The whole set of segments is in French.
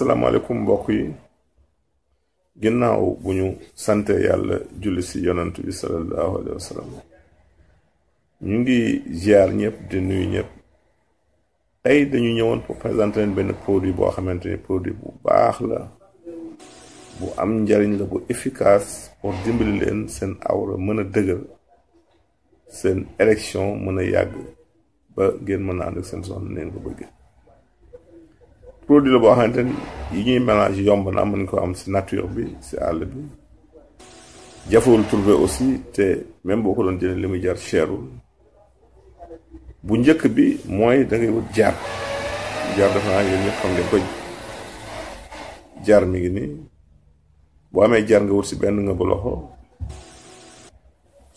asalaamaaleykum mbokk yi ginnaaw bu ñu sante yàlla julli si yonant bi sallallahu alayhi wa ñu ngi ziar ñëpp di nuyu ñëpp tey dañu ñëwoon pour présenter benn produit boo xamante ni produit bu baax la bu am njariñ la bu efficace pour dimbali leen seen awra mën a dëgër seen érection mën a yàgg ba ngeen mën a ànd ak seen soxna neen ko bëggee produit la boo xamante ni yi ñuy mélange yomb na mën ko am si nature bi si àll bi jafawul trouver aussi te même boo ko doon jëlee li muy jar cherul bu njëkk bi mooy da wut jaar jaar dafa naa yéen ñëpp xam ngeen ko jaar mi ngi nii boo amee jaar nga wut si benn nga bu loxo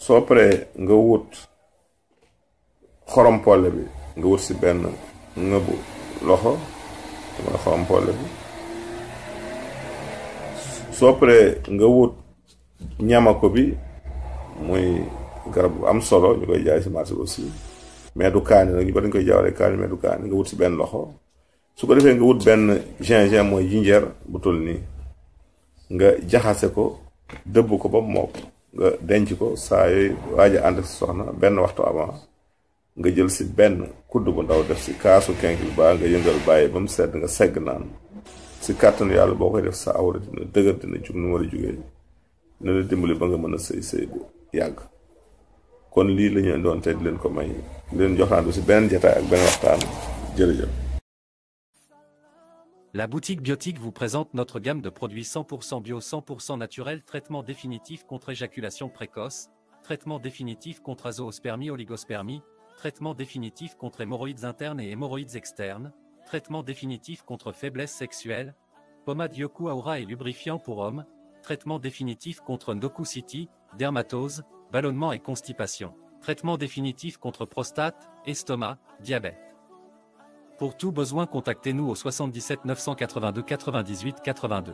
soo paree nga wut xorom polle bi nga wut si benn nga bu loxo mooy xompolle soo paree nga wut ñamako bi muy garab bu am solo ñu koy jaay si marché aussi mais du kaani nag ñu ko dañ koy jaawale kaani mais du kaani nga wut si benn loxo su ko defee nga wut benn gingin mooy jinjeer bu tul nii nga jaxase ko dëbb ko ba mu nga denc ko saa yooyu waaj a ànd si soxna benn waxtu avant nga jël ci benn kudd bu ndaw def si kaasu kinkil ba nga yëngal bàyyi ba mu sedd nga segg naan si kàttanu yàlla boo koy def sa awra dina dëgër dina jug nu war a jugee dina la dimbali ba nga mën a sëy sëy bu yàgg kon lii la ñu doon te di leen ko may di leen joxaandu si beneen jataay ak beneen waxtaan jërëjëf La boutique Biotique vous présente notre gamme de produits 100% bio, 100% naturel, traitement définitif contre éjaculation précoce, traitement définitif contre azoospermie, oligospermie, traitement définitif contre hémorroïdes internes et hémorroïdes externes, traitement définitif contre faiblesse sexuelle, pommade Yoku Aura et lubrifiant pour hommes, traitement définitif contre city, dermatose, ballonnement et constipation, traitement définitif contre prostate, estomac, diabète. Pour tout besoin, contactez-nous au 77 982 98 82.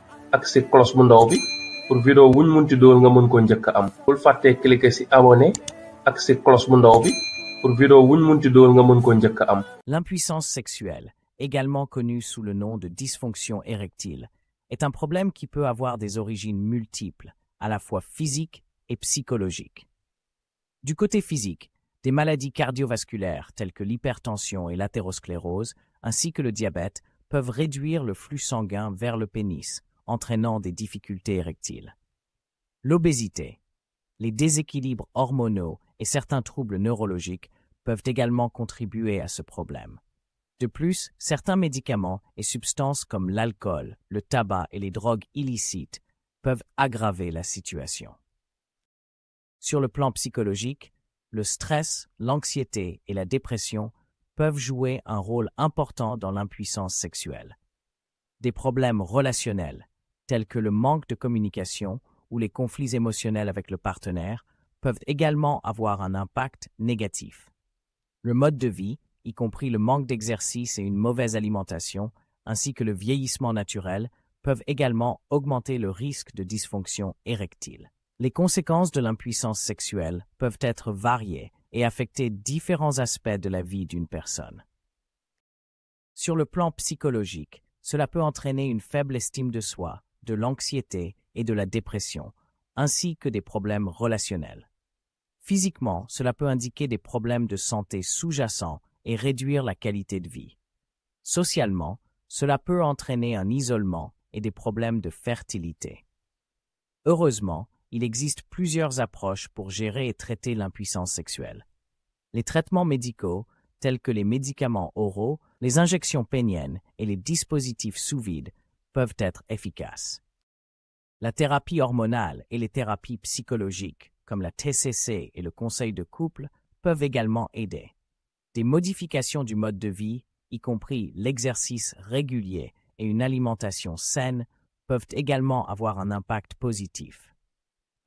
l'impuissance sexuelle également connue sous le nom de dysfonction érectile est un problème qui peut avoir des origines multiples à la fois physiques et psychologiques du côté physique des maladies cardiovasculaires telles que l'hypertension et l'athérosclérose ainsi que le diabète peuvent réduire le flux sanguin vers le pénis entraînant des difficultés érectiles. L'obésité, les déséquilibres hormonaux et certains troubles neurologiques peuvent également contribuer à ce problème. De plus, certains médicaments et substances comme l'alcool, le tabac et les drogues illicites peuvent aggraver la situation. Sur le plan psychologique, le stress, l'anxiété et la dépression peuvent jouer un rôle important dans l'impuissance sexuelle. Des problèmes relationnels, tels que le manque de communication ou les conflits émotionnels avec le partenaire, peuvent également avoir un impact négatif. Le mode de vie, y compris le manque d'exercice et une mauvaise alimentation, ainsi que le vieillissement naturel, peuvent également augmenter le risque de dysfonction érectile. Les conséquences de l'impuissance sexuelle peuvent être variées et affecter différents aspects de la vie d'une personne. Sur le plan psychologique, cela peut entraîner une faible estime de soi, de l'anxiété et de la dépression, ainsi que des problèmes relationnels. Physiquement, cela peut indiquer des problèmes de santé sous-jacents et réduire la qualité de vie. Socialement, cela peut entraîner un isolement et des problèmes de fertilité. Heureusement, il existe plusieurs approches pour gérer et traiter l'impuissance sexuelle. Les traitements médicaux, tels que les médicaments oraux, les injections péniennes et les dispositifs sous vide peuvent être efficaces. La thérapie hormonale et les thérapies psychologiques, comme la TCC et le conseil de couple, peuvent également aider. Des modifications du mode de vie, y compris l'exercice régulier et une alimentation saine, peuvent également avoir un impact positif.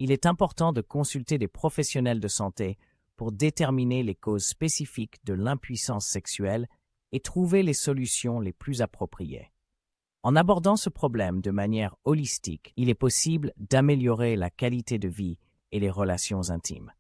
Il est important de consulter des professionnels de santé pour déterminer les causes spécifiques de l'impuissance sexuelle et trouver les solutions les plus appropriées. En abordant ce problème de manière holistique, il est possible d'améliorer la qualité de vie et les relations intimes.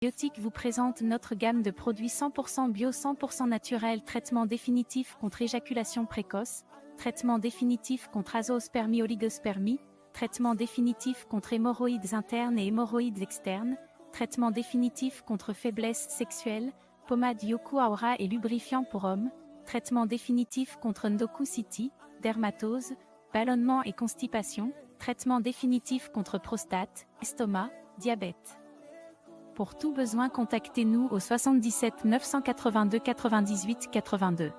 Biotique vous présente notre gamme de produits 100% bio, 100% naturel, traitement définitif contre éjaculation précoce, traitement définitif contre azospermie, oligospermie, traitement définitif contre hémorroïdes internes et hémorroïdes externes, traitement définitif contre faiblesse sexuelle, pommade Yoku Aura et lubrifiant pour hommes, traitement définitif contre Ndoku-City, dermatose, ballonnement et constipation, traitement définitif contre prostate, estomac, diabète. Pour tout besoin, contactez-nous au 77 982 98 82.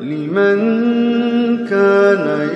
لمن كان